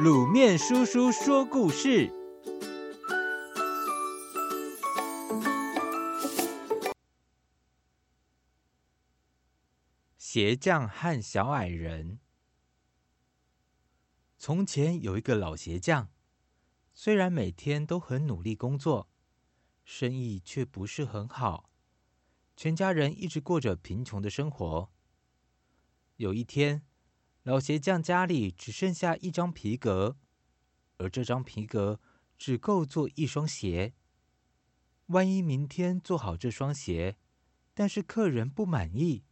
鹵麵叔叔說故事：鞋匠和小矮人。從前有一個老鞋匠，雖然每天都很努力工作，生意卻不是很好，全家人一直過着貧窮的生活。有一天，老鞋匠家裡只剩下一張皮革，而這張皮革只夠做一雙鞋。萬一明天做好這雙鞋，但是客人不滿意，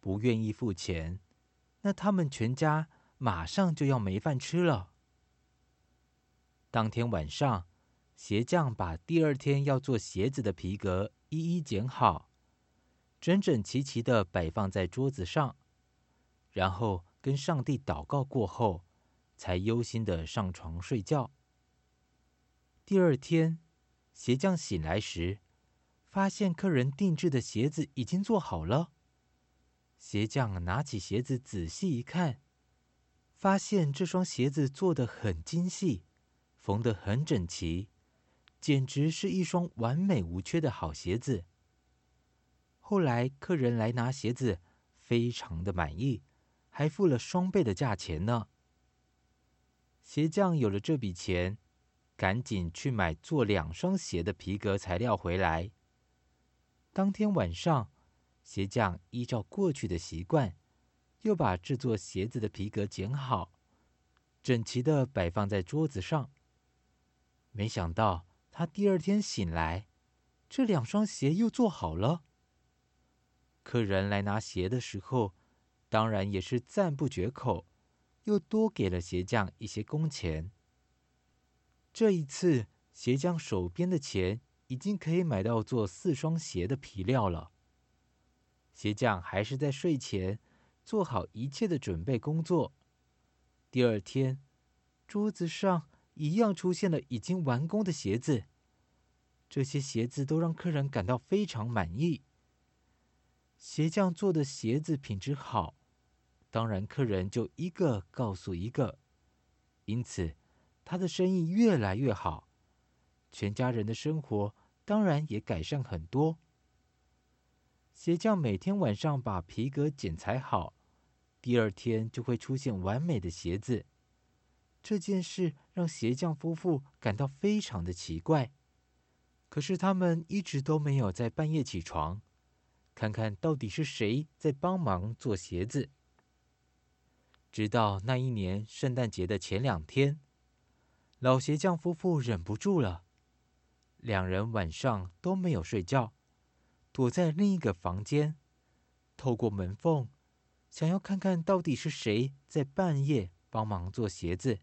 不願意付錢，那他們全家馬上就要沒飯吃了。當天晚上，鞋匠把第二天要做鞋子的皮革一一剪好，整整齊齊地擺放在桌子上，然後，跟上帝禱告過後，才憂心地上床睡覺。第二天，鞋匠醒來時，發現客人定制的鞋子已經做好了。鞋匠拿起鞋子仔細一看，發現這雙鞋子做得很精細，縫得很整齊，簡直是一雙完美無缺的好鞋子。後來，客人來拿鞋子，非常的滿意。還付了雙倍的價錢呢。鞋匠有了這筆錢，趕緊去買做兩雙鞋的皮革材料回來。當天晚上，鞋匠依照過去的習慣，又把製作鞋子的皮革剪好，整齊的擺放在桌子上。沒想到他第二天醒來，這兩雙鞋又做好了。客人來拿鞋的時候，當然也是讚不絕口，又多給了鞋匠一些工錢。這一次，鞋匠手邊的錢已經可以買到做四雙鞋的皮料了。鞋匠還是在睡前做好一切的準備工作。第二天，桌子上一樣出現了已經完工的鞋子，這些鞋子都讓客人感到非常滿意。鞋匠做的鞋子品質好。當然，客人就一個告訴一個，因此他的生意越來越好，全家人的生活當然也改善很多。鞋匠每天晚上把皮革剪裁好，第二天就會出現完美的鞋子。這件事讓鞋匠夫婦感到非常的奇怪，可是他們一直都沒有在半夜起床，看看到底是誰在幫忙做鞋子。直到那一年聖誕節的前兩天，老鞋匠夫婦忍不住了，兩人晚上都沒有睡覺，躲在另一個房間，透過門縫，想要看看到底是誰在半夜幫忙做鞋子。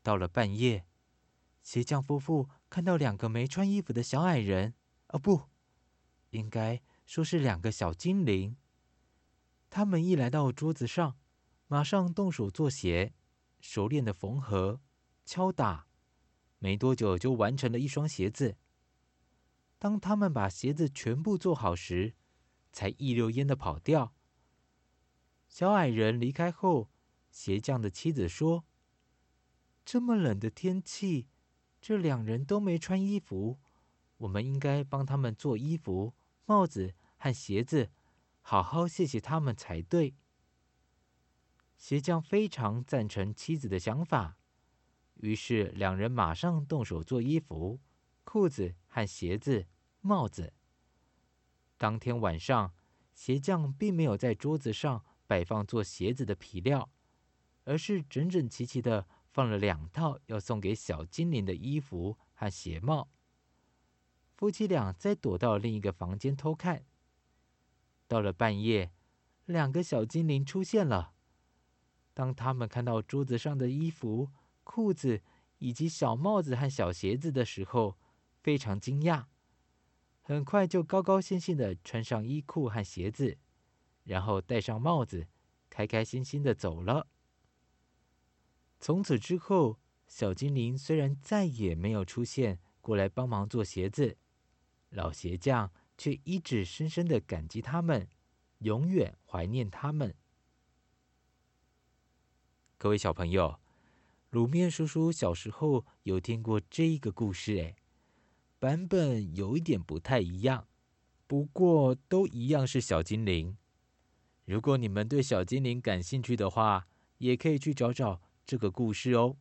到了半夜，鞋匠夫婦看到兩個沒穿衣服的小矮人，啊，哦，不，應該說是兩個小精靈。他們一來到桌子上。馬上動手做鞋，熟練的縫合、敲打，沒多久就完成了一雙鞋子。當他們把鞋子全部做好時，才一溜煙的跑掉。小矮人離開後，鞋匠的妻子說：“這麼冷的天氣，這兩人都沒穿衣服，我們應該幫他們做衣服、帽子和鞋子，好好謝謝他們才對。”鞋匠非常贊成妻子的想法，於是兩人馬上動手做衣服、褲子和鞋子、帽子。當天晚上，鞋匠並沒有在桌子上擺放做鞋子的皮料，而是整整齊齊地放了兩套要送給小精靈的衣服和鞋帽。夫妻倆再躲到另一個房間偷看。到了半夜，兩個小精靈出現了。當他們看到桌子上的衣服、褲子以及小帽子和小鞋子的時候，非常驚訝。很快就高高興興的穿上衣褲和鞋子，然後戴上帽子，開開心心的走了。從此之後，小精靈雖然再也沒有出現過來幫忙做鞋子，老鞋匠卻一直深深的感激他們，永遠懷念他們。各位小朋友，滷麵叔叔小時候有聽過這個故事誒，版本有一點不太一樣，不過都一樣是小精靈。如果你們對小精靈感興趣的話，也可以去找找這個故事哦。